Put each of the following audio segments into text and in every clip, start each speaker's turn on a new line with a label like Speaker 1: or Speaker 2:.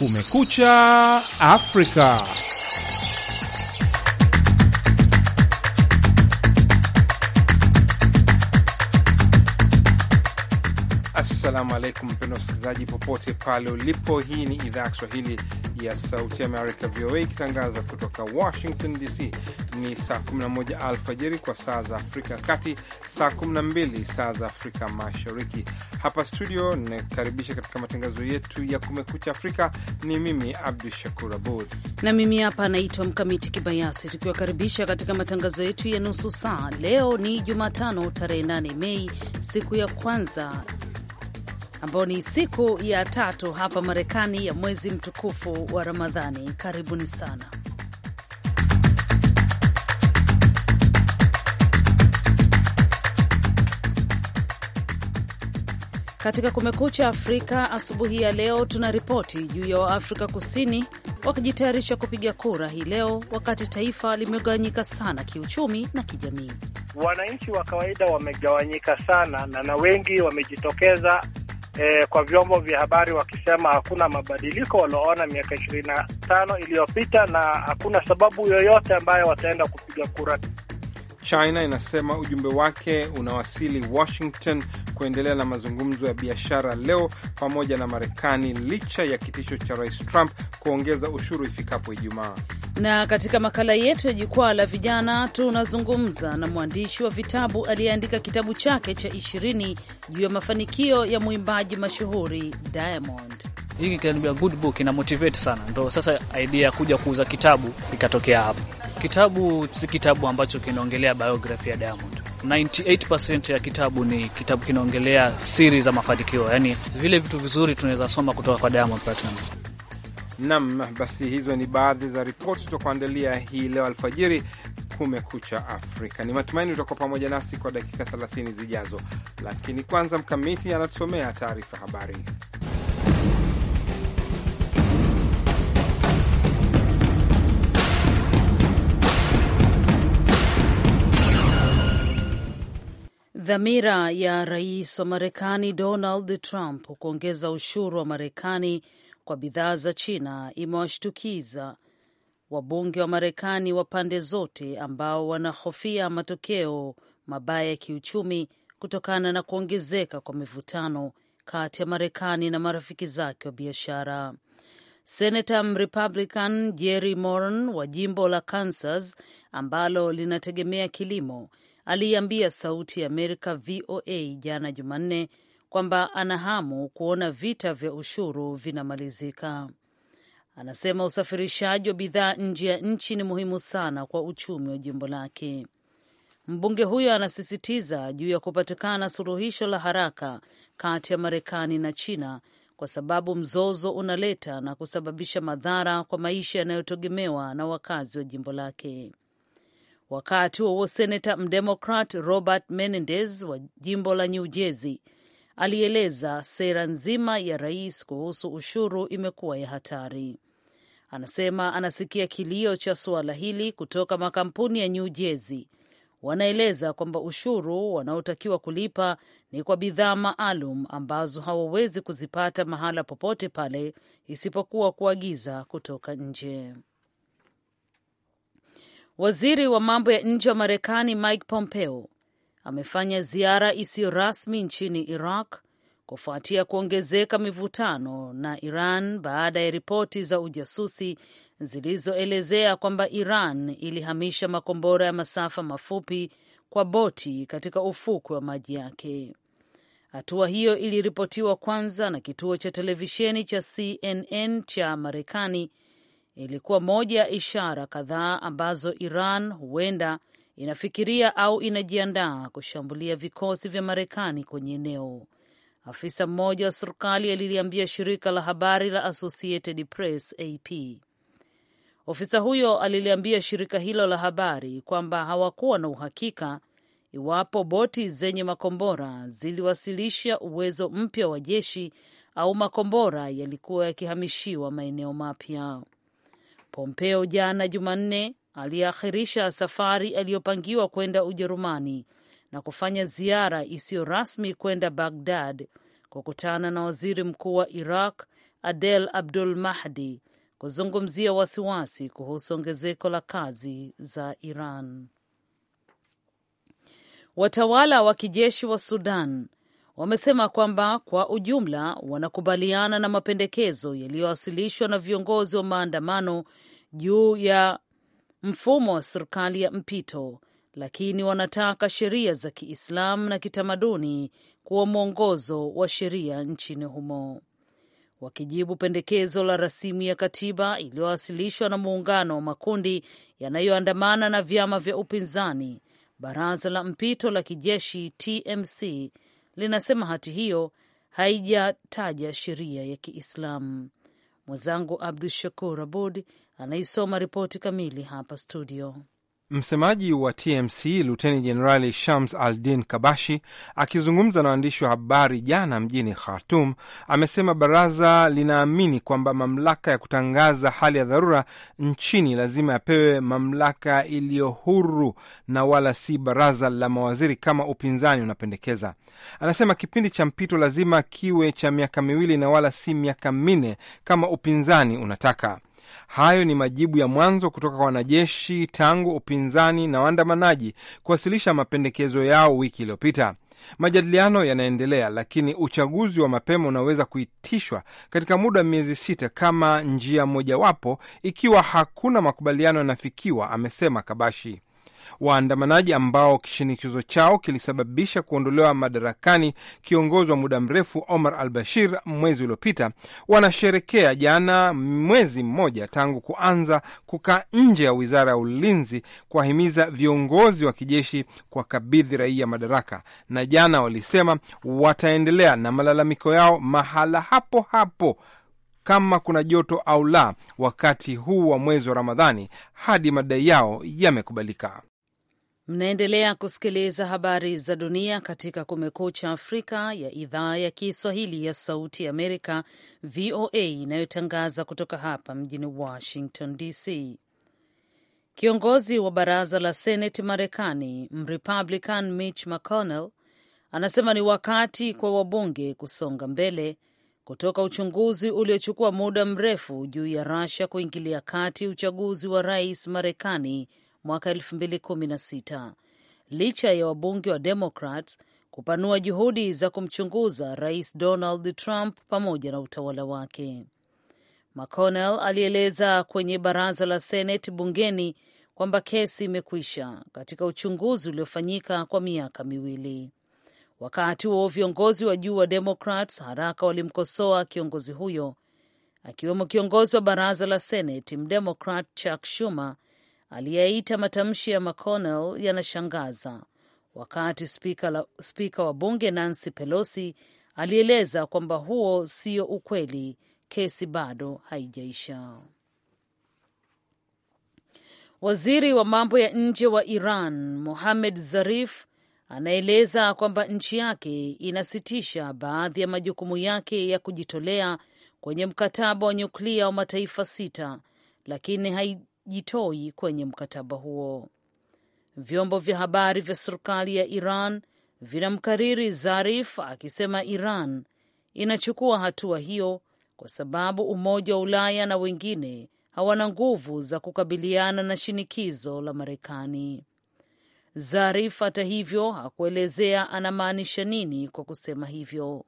Speaker 1: Kumekucha Afrika. Assalamu alaikum, mpendo msikilizaji popote pale ulipo. Hii ni idhaa ya Kiswahili ya Sauti Amerika, VOA, ikitangaza kutoka Washington DC. Ni saa 11 alfajiri kwa saa za Afrika ya Kati, saa 12 saa za Afrika Mashariki. Hapa studio ninakaribisha katika matangazo yetu ya Kumekucha Afrika. Ni mimi Abdu Shakur Abud
Speaker 2: na mimi hapa anaitwa Mkamiti Kibayasi, tukiwakaribisha katika matangazo yetu ya nusu saa. Leo ni Jumatano tarehe 8 Mei, siku ya kwanza ambao ni siku ya tatu hapa Marekani ya mwezi mtukufu wa Ramadhani. Karibuni sana Katika Kumekucha Afrika asubuhi ya leo, tuna ripoti juu ya Waafrika Kusini wakijitayarisha kupiga kura hii leo, wakati taifa limegawanyika sana kiuchumi na
Speaker 3: kijamii. Wananchi wa kawaida wamegawanyika sana na na wengi wamejitokeza eh, kwa vyombo vya habari wakisema hakuna mabadiliko walioona miaka ishirini na tano iliyopita na hakuna sababu yoyote ambayo wataenda kupiga kura.
Speaker 1: China inasema ujumbe wake unawasili Washington kuendelea na mazungumzo ya biashara leo pamoja na Marekani licha ya kitisho cha Rais Trump kuongeza ushuru ifikapo Ijumaa.
Speaker 2: Na katika makala yetu ya jukwaa la vijana tunazungumza na mwandishi wa vitabu aliyeandika kitabu chake cha ishirini juu ya mafanikio ya mwimbaji mashuhuri Diamond.
Speaker 4: Hiki kinanibia good book ina motivate sana, ndo sasa idea ya kuja kuuza kitabu ikatokea hapo. Kitabu si kitabu ambacho kinaongelea biography ya Diamond 98% ya kitabu ni kitabu kinaongelea siri za mafanikio, yani vile vitu vizuri tunaweza soma kutoka kwa Diamond Platnumz.
Speaker 1: Nam, basi hizo ni baadhi za ripoti tutakuandalia hii leo alfajiri. Kumekucha Afrika, ni matumaini utakuwa pamoja nasi kwa dakika 30 zijazo, lakini kwanza Mkamiti anatusomea taarifa habari.
Speaker 2: Dhamira ya rais wa Marekani Donald Trump kuongeza ushuru wa Marekani kwa bidhaa za China imewashtukiza wabunge wa Marekani wa pande zote ambao wanahofia matokeo mabaya ya kiuchumi kutokana na kuongezeka kwa mivutano kati ya Marekani na marafiki zake wa biashara. Senata Mrepublican Jerry Moran wa jimbo la Kansas ambalo linategemea kilimo aliiambia Sauti ya Amerika VOA jana Jumanne kwamba ana hamu kuona vita vya ushuru vinamalizika. Anasema usafirishaji wa bidhaa nje ya nchi ni muhimu sana kwa uchumi wa jimbo lake. Mbunge huyo anasisitiza juu ya kupatikana suluhisho la haraka kati ya Marekani na China kwa sababu mzozo unaleta na kusababisha madhara kwa maisha yanayotegemewa na wakazi wa jimbo lake. Wakati huo senata mdemokrat Robert Menendez wa jimbo la New Jersey alieleza sera nzima ya rais kuhusu ushuru imekuwa ya hatari. Anasema anasikia kilio cha suala hili kutoka makampuni ya New Jersey. Wanaeleza kwamba ushuru wanaotakiwa kulipa ni kwa bidhaa maalum ambazo hawawezi kuzipata mahala popote pale isipokuwa kuagiza kutoka nje. Waziri wa mambo ya nje wa Marekani Mike Pompeo amefanya ziara isiyo rasmi nchini Iraq kufuatia kuongezeka mivutano na Iran baada ya ripoti za ujasusi zilizoelezea kwamba Iran ilihamisha makombora ya masafa mafupi kwa boti katika ufukwe wa maji yake. Hatua hiyo iliripotiwa kwanza na kituo cha televisheni cha CNN cha Marekani ilikuwa moja ya ishara kadhaa ambazo Iran huenda inafikiria au inajiandaa kushambulia vikosi vya Marekani kwenye eneo. Afisa mmoja wa serikali aliliambia shirika la habari la Associated Press AP. Ofisa huyo aliliambia shirika hilo la habari kwamba hawakuwa na uhakika iwapo boti zenye makombora ziliwasilisha uwezo mpya wa jeshi au makombora yalikuwa yakihamishiwa maeneo mapya. Pompeo jana Jumanne aliakhirisha safari aliyopangiwa kwenda Ujerumani na kufanya ziara isiyo rasmi kwenda Bagdad kukutana na waziri mkuu wa Iraq Adel Abdul Mahdi kuzungumzia wasiwasi kuhusu ongezeko la kazi za Iran. Watawala wa kijeshi wa Sudan wamesema kwamba kwa ujumla wanakubaliana na mapendekezo yaliyowasilishwa na viongozi wa maandamano juu ya mfumo wa serikali ya mpito, lakini wanataka sheria za Kiislamu na kitamaduni kuwa mwongozo wa sheria nchini humo. Wakijibu pendekezo la rasimu ya katiba iliyowasilishwa na muungano wa makundi yanayoandamana na vyama vya upinzani, baraza la mpito la kijeshi TMC linasema hati hiyo haijataja sheria ya Kiislamu. Mwenzangu Abdu Shakur Abud anaisoma ripoti kamili hapa studio.
Speaker 1: Msemaji wa TMC Luteni Jenerali Shams Aldin Kabashi akizungumza na waandishi wa habari jana mjini Khartum amesema baraza linaamini kwamba mamlaka ya kutangaza hali ya dharura nchini lazima yapewe mamlaka iliyo huru na wala si baraza la mawaziri kama upinzani unapendekeza. Anasema kipindi cha mpito lazima kiwe cha miaka miwili na wala si miaka minne kama upinzani unataka. Hayo ni majibu ya mwanzo kutoka kwa wanajeshi tangu upinzani na waandamanaji kuwasilisha mapendekezo yao wiki iliyopita. Majadiliano yanaendelea, lakini uchaguzi wa mapema unaweza kuitishwa katika muda wa miezi sita kama njia mojawapo, ikiwa hakuna makubaliano yanafikiwa, amesema Kabashi waandamanaji ambao kishinikizo chao kilisababisha kuondolewa madarakani kiongozi wa muda mrefu Omar al Bashir mwezi uliopita, wanasherekea jana mwezi mmoja tangu kuanza kukaa nje ya wizara ya ulinzi kuwahimiza viongozi wa kijeshi kwa kabidhi raia madaraka, na jana walisema wataendelea na malalamiko yao mahala hapo hapo kama kuna joto au la, wakati huu wa mwezi wa Ramadhani hadi madai yao yamekubalika.
Speaker 2: Mnaendelea kusikiliza habari za dunia katika Kumekucha Afrika ya idhaa ya Kiswahili ya Sauti Amerika, VOA, inayotangaza kutoka hapa mjini Washington DC. Kiongozi wa baraza la Seneti Marekani, Mrepublican Mitch McConnell, anasema ni wakati kwa wabunge kusonga mbele kutoka uchunguzi uliochukua muda mrefu juu ya rasha kuingilia kati uchaguzi wa rais Marekani mwaka 2016 licha ya wabunge wa Democrats kupanua juhudi za kumchunguza Rais Donald Trump pamoja na utawala wake. McConnell alieleza kwenye baraza la Seneti bungeni kwamba kesi imekwisha katika uchunguzi uliofanyika kwa miaka miwili. Wakati huo viongozi wa juu wa Democrats haraka walimkosoa kiongozi huyo, akiwemo kiongozi wa baraza la Seneti Mdemokrat Chuck Schumer aliyeita matamshi ya McConnell yanashangaza, wakati spika, spika wa bunge Nancy Pelosi alieleza kwamba huo sio ukweli. Kesi bado haijaisha. Waziri wa mambo ya nje wa Iran Mohamed Zarif anaeleza kwamba nchi yake inasitisha baadhi ya majukumu yake ya kujitolea kwenye mkataba wa nyuklia wa mataifa sita, lakini jitoi kwenye mkataba huo. Vyombo vya habari vya serikali ya Iran vinamkariri Zarif akisema Iran inachukua hatua hiyo kwa sababu Umoja wa Ulaya na wengine hawana nguvu za kukabiliana na shinikizo la Marekani. Zarif hata hivyo hakuelezea anamaanisha nini kwa kusema hivyo,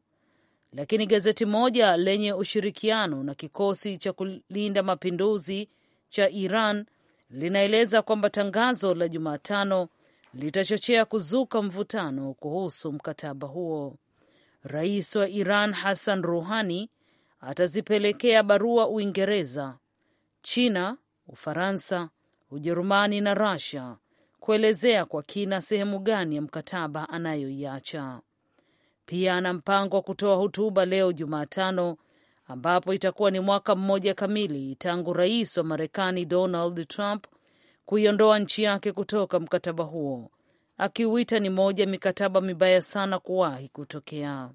Speaker 2: lakini gazeti moja lenye ushirikiano na kikosi cha kulinda mapinduzi cha Iran linaeleza kwamba tangazo la Jumatano litachochea kuzuka mvutano kuhusu mkataba huo. Rais wa Iran Hassan Rouhani atazipelekea barua Uingereza, China, Ufaransa, Ujerumani na rasia kuelezea kwa kina sehemu gani ya mkataba anayoiacha. Pia ana mpango wa kutoa hotuba leo Jumatano ambapo itakuwa ni mwaka mmoja kamili tangu rais wa Marekani Donald Trump kuiondoa nchi yake kutoka mkataba huo, akiuita ni moja mikataba mibaya sana kuwahi kutokea.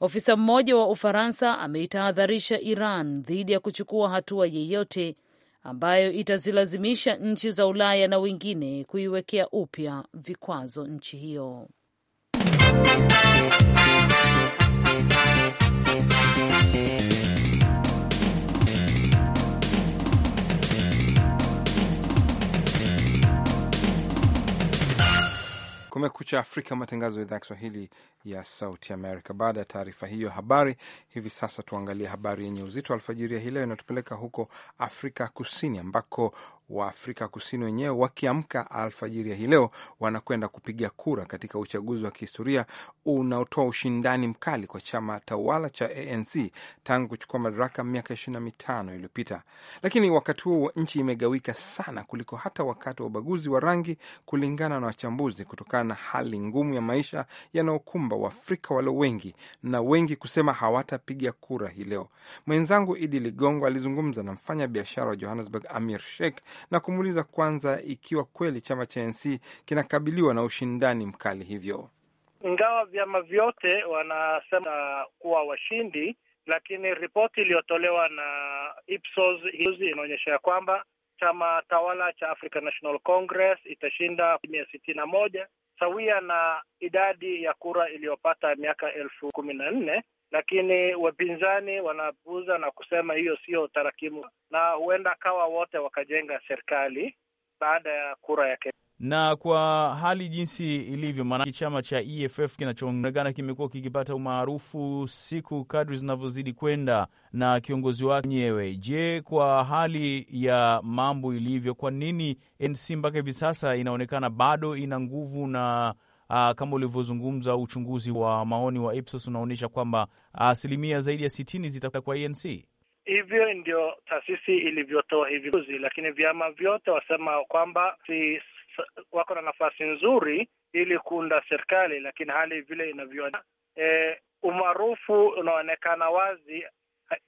Speaker 2: Ofisa mmoja wa Ufaransa ameitahadharisha Iran dhidi ya kuchukua hatua yeyote ambayo itazilazimisha nchi za Ulaya na wengine kuiwekea upya vikwazo nchi hiyo.
Speaker 1: Kumekucha Afrika, matangazo ya idhaa ya Kiswahili ya Sauti Amerika. Baada ya taarifa hiyo habari, hivi sasa tuangalie habari yenye uzito alfajiri ya hii leo inatupeleka huko Afrika Kusini ambako wa Afrika Kusini wenyewe wakiamka alfajiri ya hii leo wanakwenda kupiga kura katika uchaguzi wa kihistoria unaotoa ushindani mkali kwa chama tawala cha ANC tangu kuchukua madaraka miaka ishirini na mitano iliyopita. Lakini wakati huo nchi imegawika sana kuliko hata wakati wa ubaguzi wa rangi, kulingana na wachambuzi, kutokana na hali ngumu ya maisha yanayokumba Waafrika walio wengi na wengi kusema hawatapiga kura hii leo. Mwenzangu Idi Ligongo alizungumza na mfanya biashara wa Johannesburg Amir Sheikh na kumuuliza kwanza ikiwa kweli chama cha ANC kinakabiliwa na ushindani mkali hivyo.
Speaker 3: Ingawa vyama vyote wanasema kuwa washindi, lakini ripoti iliyotolewa na Ipsos inaonyesha ya kwamba chama tawala cha African National Congress itashinda mia sitini na moja sawia na idadi ya kura iliyopata miaka elfu kumi na nne lakini wapinzani wanapuuza na kusema hiyo sio tarakimu, na huenda kawa wote wakajenga serikali baada ya kura ya Kenya.
Speaker 5: Na kwa hali jinsi ilivyo, maanake chama cha EFF kinachoonekana kimekuwa kikipata umaarufu siku kadri zinavyozidi kwenda na kiongozi wake mwenyewe. Je, kwa hali ya mambo ilivyo, kwa nini NC mpaka hivi sasa inaonekana bado ina nguvu na Uh, kama ulivyozungumza, uchunguzi wa maoni wa Ipsos unaonyesha kwamba ah, asilimia uh, zaidi ya sitini zitakuwa kwa ANC. E
Speaker 3: Hivyo ndio taasisi ilivyotoa hivi juzi, lakini vyama vyote wasema kwamba si wako na nafasi nzuri ili kuunda serikali, lakini hali vile inavyo e, umaarufu unaonekana wazi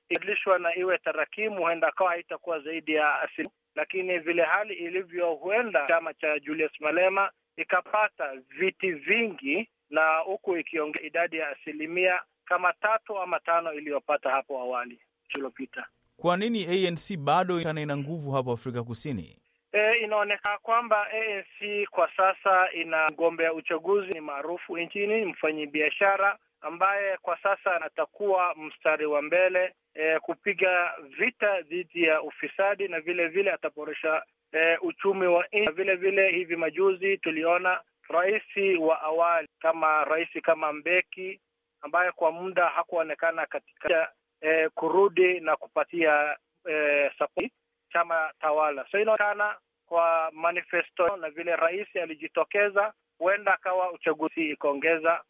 Speaker 3: ibadilishwa na iwe tarakimu, huenda kawa haitakuwa zaidi ya asilimia, lakini vile hali ilivyo, huenda chama cha Julius Malema ikapata viti vingi, na huku ikiongea idadi ya asilimia kama tatu ama tano iliyopata hapo awali iliyopita.
Speaker 5: Kwa nini ANC bado ina nguvu hapo Afrika Kusini?
Speaker 3: E, inaonekana kwamba ANC kwa sasa ina mgombea uchaguzi ni maarufu nchini, biashara ambaye kwa sasa atakuwa mstari wa mbele e, kupiga vita dhidi ya ufisadi na vile vile ataboresha e, uchumi wa nchi. Vile vile hivi majuzi tuliona rais wa awali kama rais kama Mbeki ambaye kwa muda hakuonekana katika e, kurudi na kupatia e, sapoti chama tawala. So inaonekana kwa manifesto na vile rais alijitokeza, huenda akawa uchaguzi ikaongeza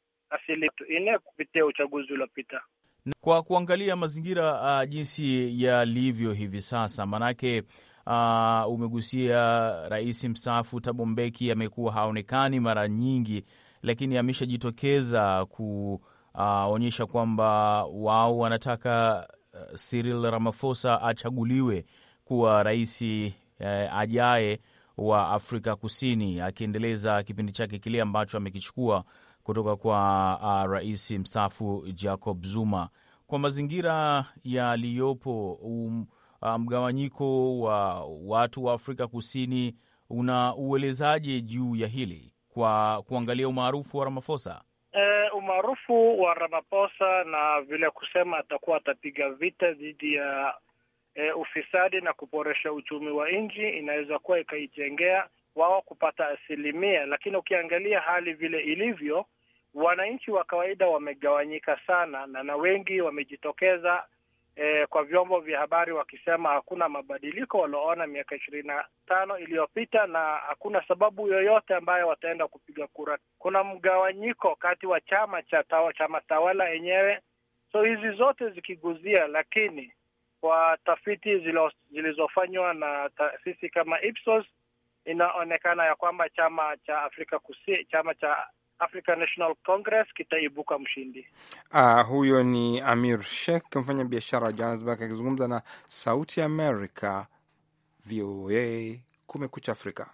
Speaker 3: kupitia uchaguzi uliopita.
Speaker 5: Kwa kuangalia mazingira uh, jinsi yalivyo hivi sasa, maanake uh, umegusia rais mstaafu Thabo Mbeki amekuwa haonekani mara nyingi, lakini ameshajitokeza kuonyesha uh, kwamba wao wanataka uh, Cyril Ramaphosa achaguliwe kuwa rais uh, ajaye wa Afrika Kusini, akiendeleza kipindi chake kile ambacho amekichukua kutoka kwa uh, rais mstaafu Jacob Zuma kwa mazingira yaliyopo, um, mgawanyiko wa watu wa Afrika Kusini una uelezaje juu ya hili kwa kuangalia umaarufu wa Ramaphosa?
Speaker 3: E, umaarufu wa Ramaphosa na vile kusema atakuwa atapiga vita dhidi ya e, ufisadi na kuboresha uchumi wa nchi, inaweza kuwa ikaijengea wao kupata asilimia, lakini ukiangalia hali vile ilivyo wananchi wa kawaida wamegawanyika sana, na na wengi wamejitokeza eh, kwa vyombo vya habari wakisema hakuna mabadiliko walioona miaka ishirini na tano iliyopita na hakuna sababu yoyote ambayo wataenda kupiga kura. Kuna mgawanyiko kati wa chama cha tawa, chama tawala yenyewe. So hizi zote zikiguzia, lakini kwa tafiti zilizofanywa na taasisi kama Ipsos inaonekana ya kwamba chama cha Afrika Kusini, chama cha African National Congress kitaibuka mshindi.
Speaker 1: Uh, huyo ni Amir Sheikh, mfanya biashara wa Johannesburg akizungumza na Sauti America VOA Kumekucha Afrika.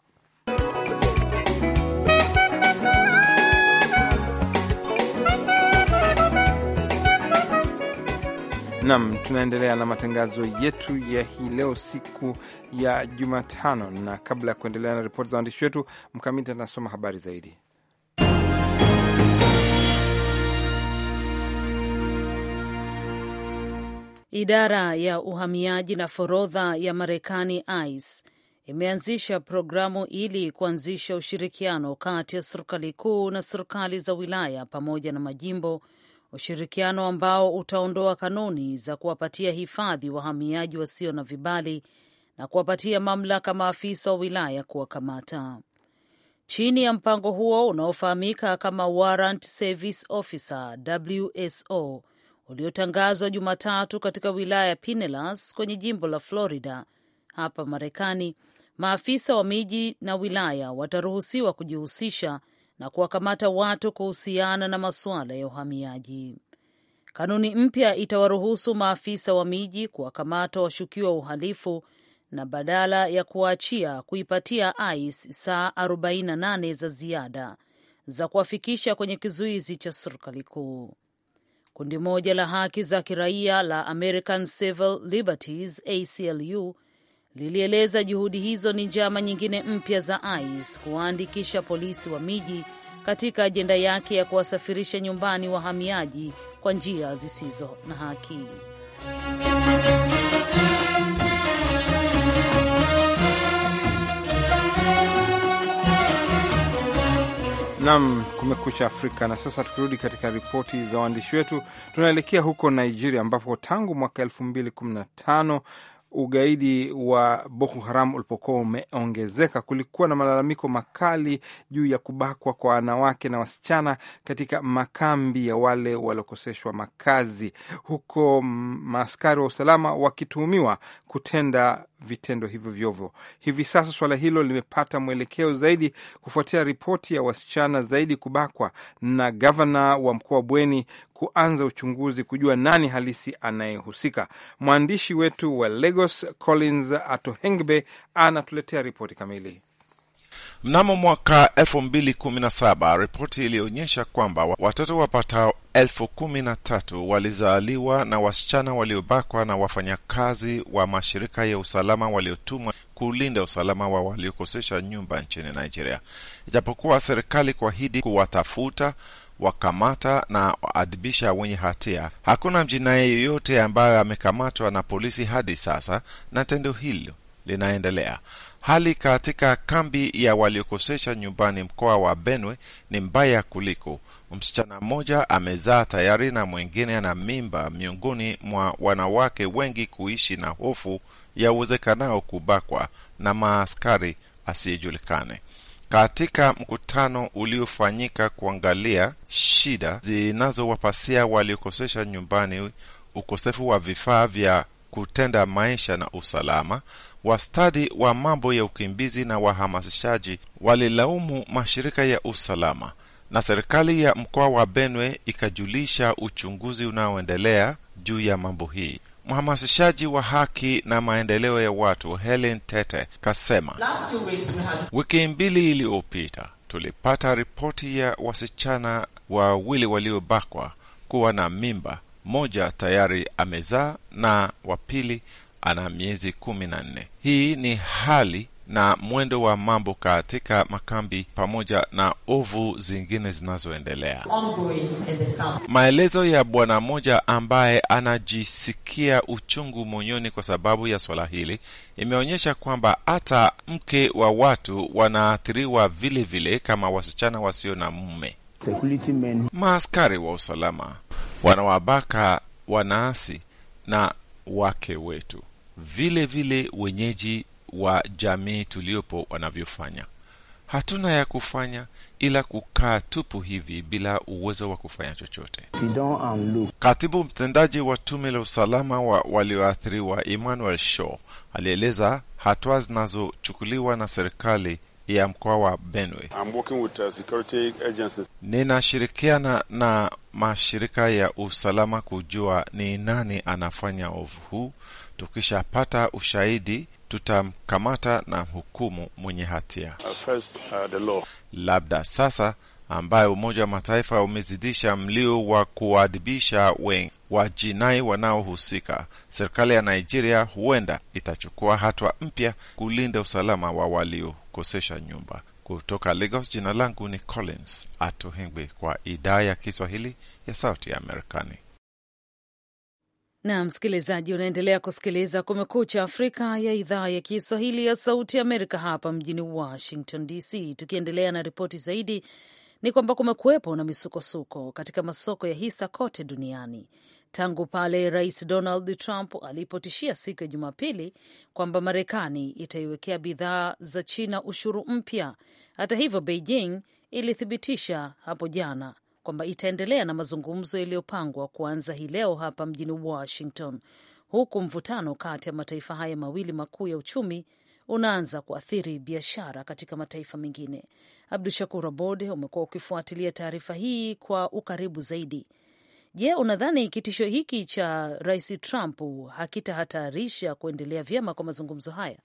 Speaker 1: Nam, tunaendelea na matangazo yetu ya hii leo, siku ya Jumatano, na kabla ya kuendelea na ripoti za waandishi wetu, Mkamiti anasoma habari zaidi.
Speaker 2: Idara ya uhamiaji na forodha ya Marekani, ICE, imeanzisha programu ili kuanzisha ushirikiano kati ya serikali kuu na serikali za wilaya pamoja na majimbo, ushirikiano ambao utaondoa kanuni za kuwapatia hifadhi wahamiaji wasio na vibali na kuwapatia mamlaka maafisa wa wilaya kuwakamata. Chini ya mpango huo unaofahamika kama Warrant Service Officer, WSO, uliotangazwa Jumatatu katika wilaya ya Pinellas kwenye jimbo la Florida hapa Marekani, maafisa wa miji na wilaya wataruhusiwa kujihusisha na kuwakamata watu kuhusiana na masuala ya uhamiaji. Kanuni mpya itawaruhusu maafisa wa miji kuwakamata washukiwa wa uhalifu na badala ya kuwaachia kuipatia ICE saa 48 za ziada za kuwafikisha kwenye kizuizi cha serikali kuu. Kundi moja la haki za kiraia la American Civil Liberties ACLU lilieleza juhudi hizo ni njama nyingine mpya za ICE kuwaandikisha polisi wa miji katika ajenda yake ya kuwasafirisha nyumbani wahamiaji kwa njia zisizo na haki.
Speaker 1: Nam, kumekucha Afrika. Na sasa tukirudi katika ripoti za waandishi wetu, tunaelekea huko Nigeria ambapo tangu mwaka elfu mbili kumi na tano ugaidi wa Boko Haram ulipokuwa umeongezeka, kulikuwa na malalamiko makali juu ya kubakwa kwa wanawake na wasichana katika makambi ya wale waliokoseshwa makazi, huko mm, maaskari wa usalama wakituhumiwa kutenda vitendo hivyo vyovyo. Hivi sasa suala hilo limepata mwelekeo zaidi kufuatia ripoti ya wasichana zaidi kubakwa na gavana wa mkoa wa Bweni kuanza uchunguzi kujua nani halisi anayehusika. Mwandishi wetu wa Lagos Collins Atohengbe anatuletea ripoti kamili.
Speaker 6: Mnamo mwaka 217 ripoti ilionyesha kwamba watoto wapatao elfu kumi na tatu walizaliwa na wasichana waliobakwa na wafanyakazi wa mashirika ya usalama waliotumwa kulinda usalama wa waliokosesha nyumba nchini Nigeria. Ijapokuwa serikali kuahidi kuwatafuta wakamata na waadhibisha wenye hatia. Hakuna mjinae yoyote ambaye amekamatwa na polisi hadi sasa, na tendo hilo linaendelea. Hali katika kambi ya waliokosesha nyumbani mkoa wa Benwe ni mbaya kuliko. Msichana mmoja amezaa tayari na mwingine ana mimba, miongoni mwa wanawake wengi kuishi na hofu ya uwezekanao kubakwa na maaskari asiyejulikane katika mkutano uliofanyika kuangalia shida zinazowapasia waliokosesha nyumbani ukosefu wa vifaa vya kutenda maisha na usalama. Wastadi wa mambo ya ukimbizi na wahamasishaji walilaumu mashirika ya usalama, na serikali ya mkoa wa Benwe ikajulisha uchunguzi unaoendelea juu ya mambo hii. Mhamasishaji wa haki na maendeleo ya watu Helen Tete kasema wiki mbili iliyopita tulipata ripoti ya wasichana wawili waliobakwa kuwa na mimba. Mmoja tayari amezaa na wapili ana miezi kumi na nne. Hii ni hali na mwendo wa mambo katika makambi pamoja na ovu zingine zinazoendelea. Maelezo ya bwana mmoja ambaye anajisikia uchungu moyoni kwa sababu ya swala hili imeonyesha kwamba hata mke wa watu wanaathiriwa vile vile kama wasichana wasio na mume. Maaskari wa usalama wanawabaka wanaasi na wake wetu, vile vile wenyeji wa jamii tuliopo wanavyofanya. Hatuna ya kufanya ila kukaa tupu hivi bila uwezo wa kufanya chochote. Um, Katibu mtendaji wa tume la usalama wa walioathiriwa Emmanuel Shaw alieleza hatua zinazochukuliwa na serikali ya mkoa wa benwe
Speaker 5: uh,
Speaker 6: Ninashirikiana na mashirika ya usalama kujua ni nani anafanya ovu huu. Tukishapata ushahidi tutamkamata na hukumu mwenye hatia.
Speaker 5: uh, uh
Speaker 6: Labda sasa ambayo Umoja wa Mataifa umezidisha mlio wa kuwaadibisha jinai wanaohusika, serikali ya Nigeria huenda itachukua hatua mpya kulinda usalama wa waliokosesha nyumba. Kutoka Lagos, jina langu ni Collins Atohengwe, kwa idhaa ya Kiswahili ya Sauti ya Amerikani
Speaker 2: na msikilizaji, unaendelea kusikiliza Kumekucha Afrika ya idhaa ya Kiswahili ya Sauti Amerika, hapa mjini Washington DC. Tukiendelea na ripoti zaidi, ni kwamba kumekuwepo na misukosuko katika masoko ya hisa kote duniani tangu pale Rais Donald Trump alipotishia siku ya Jumapili kwamba Marekani itaiwekea bidhaa za China ushuru mpya. Hata hivyo, Beijing ilithibitisha hapo jana kwamba itaendelea na mazungumzo yaliyopangwa kuanza hii leo hapa mjini Washington, huku mvutano kati ya mataifa haya mawili makuu ya uchumi unaanza kuathiri biashara katika mataifa mengine. Abdu Shakur Abod, umekuwa ukifuatilia taarifa hii kwa ukaribu zaidi. Je, unadhani kitisho hiki cha Rais Trump hakitahatarisha kuendelea vyema kwa mazungumzo haya?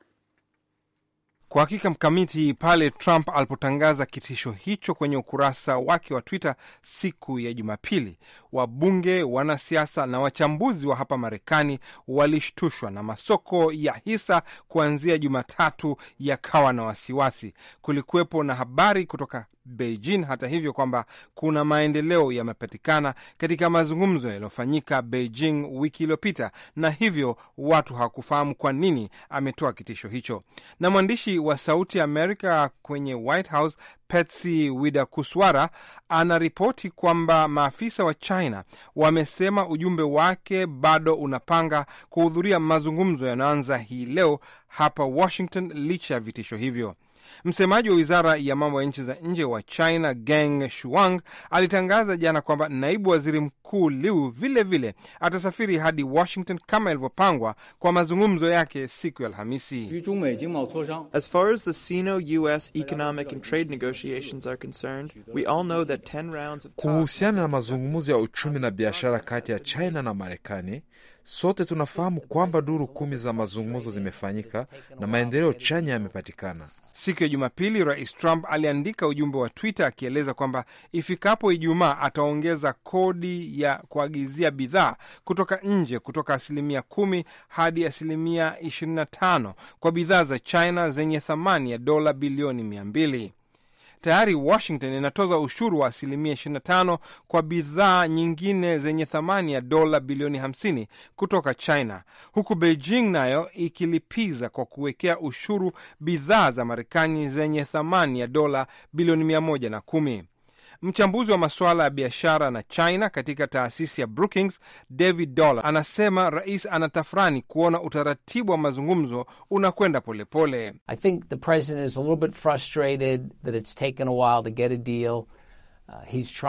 Speaker 1: Kwa hakika mkamiti, pale Trump alipotangaza kitisho hicho kwenye ukurasa wake wa Twitter siku ya Jumapili, wabunge, wanasiasa na wachambuzi wa hapa Marekani walishtushwa, na masoko ya hisa kuanzia Jumatatu yakawa na wasiwasi. Kulikuwepo na habari kutoka Beijing hata hivyo kwamba kuna maendeleo yamepatikana katika mazungumzo yaliyofanyika Beijing wiki iliyopita, na hivyo watu hawakufahamu kwa nini ametoa kitisho hicho. Na mwandishi wa Sauti Amerika kwenye White House Wida Widakuswara anaripoti kwamba maafisa wa China wamesema ujumbe wake bado unapanga kuhudhuria mazungumzo yanayoanza hii leo hapa Washington licha ya vitisho hivyo. Msemaji wa wizara ya mambo ya nchi za nje wa China Geng Shuang alitangaza jana kwamba naibu waziri mkuu Liu vilevile atasafiri hadi Washington kama ilivyopangwa kwa mazungumzo yake siku ya Alhamisi. As far as the Sino-US economic and trade
Speaker 5: negotiations are concerned,
Speaker 1: we all know that 10 rounds of... Kuhusiana na mazungumzo ya uchumi na biashara kati ya China na Marekani, sote tunafahamu kwamba duru kumi za mazungumzo zimefanyika na maendeleo chanya yamepatikana. Siku ya Jumapili, Rais Trump aliandika ujumbe wa Twitter akieleza kwamba ifikapo Ijumaa ataongeza kodi ya kuagizia bidhaa kutoka nje kutoka asilimia kumi hadi asilimia 25 kwa bidhaa za China zenye thamani ya dola bilioni mia mbili. Tayari Washington inatoza ushuru wa asilimia 25 kwa bidhaa nyingine zenye thamani ya dola bilioni 50 kutoka China, huku Beijing nayo ikilipiza kwa kuwekea ushuru bidhaa za Marekani zenye thamani ya dola bilioni 110. Mchambuzi wa masuala ya biashara na China katika taasisi ya Brookings, David Dollar, anasema rais anatafurani kuona utaratibu wa mazungumzo unakwenda polepole. I think the president is a little bit frustrated that it's taken a while to get a deal. Uh,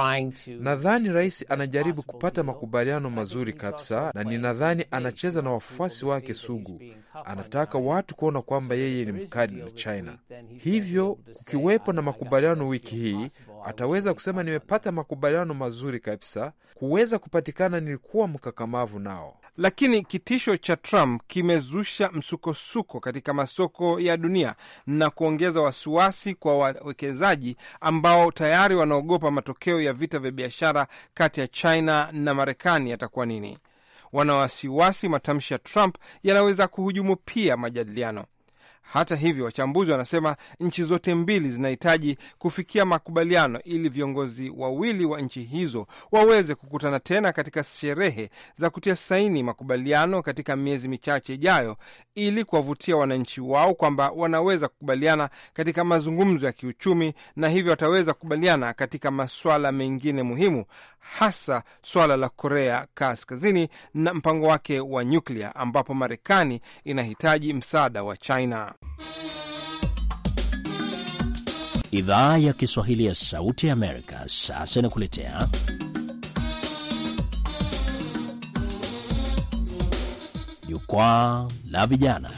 Speaker 1: nadhani rais anajaribu kupata makubaliano mazuri kabisa, na ninadhani anacheza na wafuasi wake sugu. Anataka watu kuona kwamba yeye ni mkali na China, hivyo kukiwepo na makubaliano wiki hii ataweza kusema nimepata makubaliano mazuri kabisa. Kuweza kupatikana, nilikuwa mkakamavu nao. Lakini kitisho cha Trump kimezusha msukosuko katika masoko ya dunia na kuongeza wasiwasi kwa wawekezaji ambao tayari wanaogopa matokeo ya vita vya biashara kati ya China na Marekani yatakuwa nini. Wanawasiwasi matamshi ya Trump yanaweza kuhujumu pia majadiliano. Hata hivyo, wachambuzi wanasema nchi zote mbili zinahitaji kufikia makubaliano ili viongozi wawili wa nchi hizo waweze kukutana tena katika sherehe za kutia saini makubaliano katika miezi michache ijayo ili kuwavutia wananchi wao kwamba wanaweza kukubaliana katika mazungumzo ya kiuchumi na hivyo wataweza kukubaliana katika masuala mengine muhimu, hasa swala la Korea Kaskazini na mpango wake wa nyuklia, ambapo Marekani inahitaji msaada wa China.
Speaker 4: Idhaa ya Kiswahili ya Sauti ya Amerika sasa inakuletea jukwaa la vijana.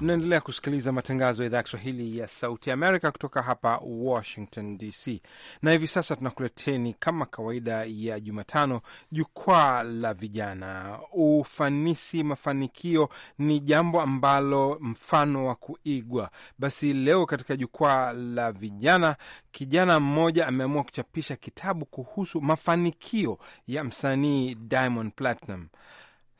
Speaker 1: Mnaendelea kusikiliza matangazo ya idhaa ya Kiswahili ya Sauti ya Amerika kutoka hapa Washington DC, na hivi sasa tunakuleteni kama kawaida ya Jumatano jukwaa la vijana. Ufanisi, mafanikio ni jambo ambalo mfano wa kuigwa. Basi leo katika jukwaa la vijana, kijana mmoja ameamua kuchapisha kitabu kuhusu mafanikio ya msanii Diamond Platinum.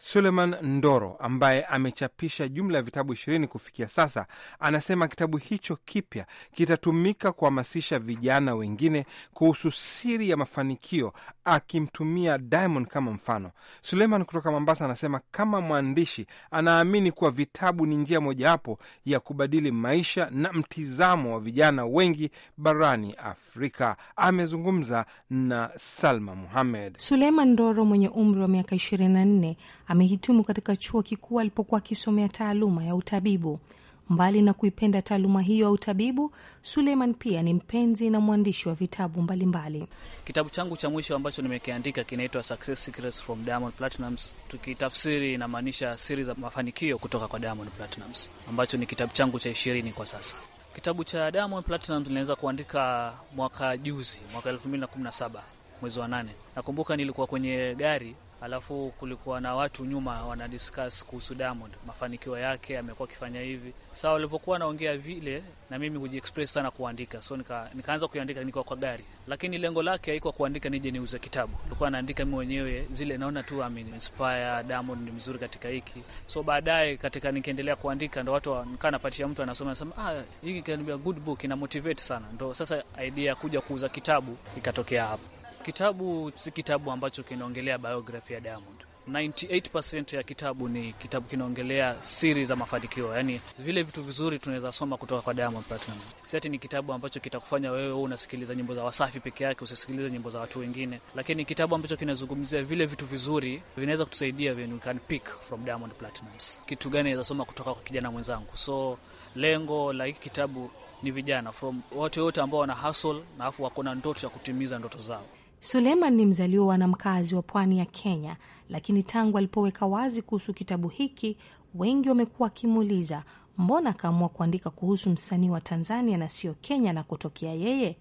Speaker 1: Suleiman Ndoro ambaye amechapisha jumla ya vitabu ishirini kufikia sasa, anasema kitabu hicho kipya kitatumika kuhamasisha vijana wengine kuhusu siri ya mafanikio akimtumia Diamond kama mfano. Suleiman kutoka Mombasa anasema kama mwandishi anaamini kuwa vitabu ni njia mojawapo ya kubadili maisha na mtizamo wa vijana wengi barani Afrika. Amezungumza na Salma Muhamed.
Speaker 7: Suleiman Ndoro mwenye umri wa miaka 24 amehitimu katika chuo kikuu alipokuwa akisomea taaluma ya utabibu. Mbali na kuipenda taaluma hiyo ya utabibu, Suleiman pia ni mpenzi na mwandishi wa vitabu mbalimbali mbali.
Speaker 4: Kitabu changu cha mwisho ambacho nimekiandika kinaitwa Success Secrets from Diamond tukitafsiri inamaanisha siri za mafanikio kutoka kwa Diamond ambacho ni kitabu changu cha ishirini kwa sasa. Kitabu cha Diamond nilianza kuandika mwaka juzi, mwaka saba mwezi wa nane. Nakumbuka nilikuwa kwenye gari alafu kulikuwa na watu nyuma wanadiscuss kuhusu Diamond, mafanikio yake, amekuwa akifanya hivi. Sasa walivyokuwa naongea vile, na mimi hujiexpress sana kuandika, so nika, nikaanza kuandika nikiwa kwa gari, lakini lengo lake haikuwa kuandika nije niuze kitabu. Nilikuwa naandika mimi mwenyewe zile naona tu ame inspire Diamond ni mzuri katika hiki. So baadaye katika nikiendelea kuandika, ndo watu nikaa napatia mtu anasoma nasema ah, hiki good book ina motivate sana, ndo sasa idea ya kuja kuuza kitabu ikatokea hapo. Kitabu si kitabu ambacho kinaongelea biografia ya Diamond. 98% ya kitabu ni kitabu kinaongelea siri za mafanikio, yani vile vitu vizuri tunaweza soma kutoka kwa Diamond Platnumz. Si ati ni kitabu ambacho kitakufanya wewe wewe unasikiliza nyimbo za Wasafi peke yake, usisikilize nyimbo za watu wengine, lakini kitabu ambacho kinazungumzia vile vitu vizuri vinaweza kutusaidia, when we can pick from Diamond Platnumz, kitu gani naweza soma kutoka kwa kijana mwenzangu. So lengo la hiki kitabu ni vijana from watu wote ambao wana hustle na afu wako na ndoto ya kutimiza ndoto zao.
Speaker 7: Suleiman ni mzaliwa na mkazi wa pwani ya Kenya, lakini tangu alipoweka wazi kuhusu kitabu hiki, wengi wamekuwa wakimuuliza mbona akaamua kuandika kuhusu msanii wa Tanzania na sio Kenya na kutokea yeye.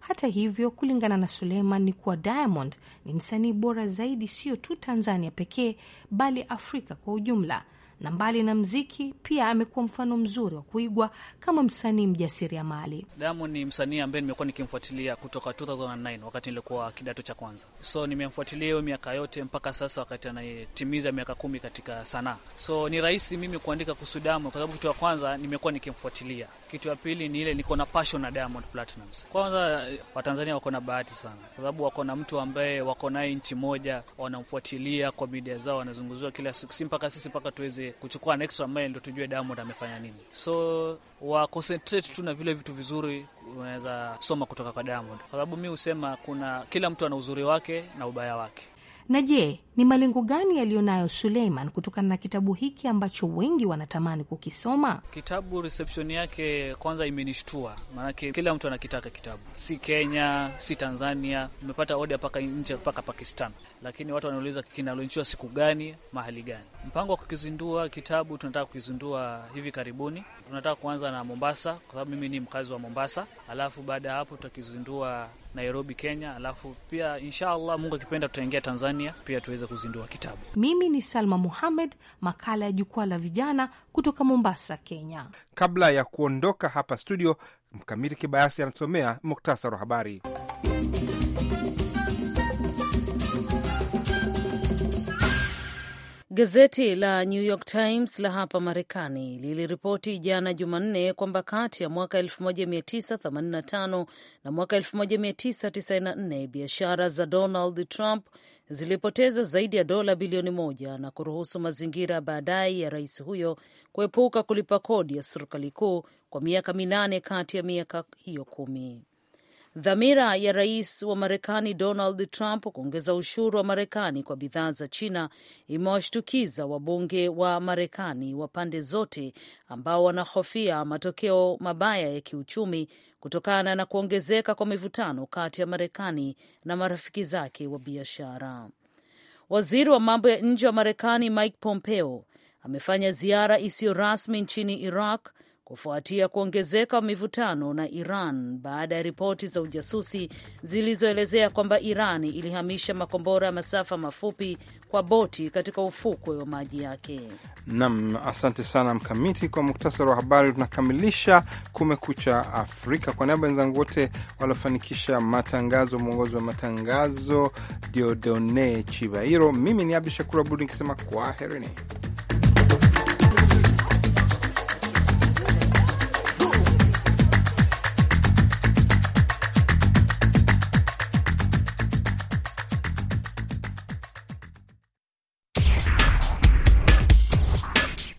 Speaker 7: Hata hivyo, kulingana na Suleiman ni kuwa Diamond ni msanii bora zaidi, sio tu Tanzania pekee, bali Afrika kwa ujumla na mbali na mziki pia amekuwa mfano mzuri wa kuigwa kama msanii mjasiriamali.
Speaker 4: damu ni msanii ambaye nimekuwa nikimfuatilia kutoka 2009 wakati nilikuwa kidato cha kwanza, so nimemfuatilia hiyo miaka yote mpaka sasa, wakati anayetimiza miaka kumi katika sanaa. So ni rahisi mimi kuandika kuhusu damu kwa sababu kitu ya kwanza nimekuwa nikimfuatilia kitu ya pili ni ile niko na passion na Diamond Platnumz. Kwanza Watanzania wako na bahati sana, kwa sababu wako na mtu ambaye wako naye nchi moja, wanamfuatilia kwa media zao, wanazunguziwa kila siku, si mpaka sisi mpaka tuweze kuchukua next ambaye ndio tujue Diamond amefanya nini. So wa concentrate tu na vile vitu vizuri unaweza soma kutoka kwa Diamond, kwa sababu mi husema kuna kila mtu ana uzuri wake na ubaya wake.
Speaker 7: Na je, ni malengo gani yaliyonayo Suleiman kutokana na kitabu hiki ambacho wengi wanatamani kukisoma?
Speaker 4: Kitabu reception yake kwanza imenishtua, maanake kila mtu anakitaka kitabu, si Kenya si Tanzania, imepata oda mpaka nje, mpaka Pakistan, lakini watu wanauliza kinalonchiwa siku gani, mahali gani? Mpango wa kukizindua kitabu tunataka kukizindua hivi karibuni. Tunataka kuanza na Mombasa kwa sababu mimi ni mkazi wa Mombasa, alafu baada ya hapo tutakizindua Nairobi, Kenya, alafu pia allah Mungu akipenda,
Speaker 1: tutaingia Tanzania pia tuweze kuzindua kitabu.
Speaker 7: Mimi ni Salma Muhamed, makala ya Jukwaa la Vijana kutoka Mombasa, Kenya.
Speaker 1: Kabla ya kuondoka hapa studio, Mkamiti Kibayasi anasomea muktasari wa habari.
Speaker 2: Gazeti la New York Times la hapa Marekani liliripoti jana Jumanne kwamba kati ya mwaka 1985 na mwaka 1994 biashara za Donald Trump zilipoteza zaidi ya dola bilioni moja na kuruhusu mazingira baadaye ya rais huyo kuepuka kulipa kodi ya serikali kuu kwa miaka minane kati ya miaka hiyo kumi. Dhamira ya rais wa Marekani Donald Trump kuongeza ushuru wa Marekani kwa bidhaa za China imewashtukiza wabunge wa Marekani wa pande zote ambao wanahofia matokeo mabaya ya kiuchumi kutokana na kuongezeka kwa mivutano kati ya Marekani na marafiki zake wa biashara. Waziri wa mambo ya nje wa Marekani Mike Pompeo amefanya ziara isiyo rasmi nchini Iraq kufuatia kuongezeka mivutano na Iran baada ya ripoti za ujasusi zilizoelezea kwamba Iran ilihamisha makombora ya masafa mafupi kwa boti katika ufukwe wa maji yake.
Speaker 1: Nam, asante sana Mkamiti kwa muktasari wa habari. Tunakamilisha Kumekucha Afrika. Kwa niaba wenzangu wote waliofanikisha matangazo, mwongozi wa matangazo Diodone Chibairo, mimi ni Abdu Shakur Abud nikisema kwaherini.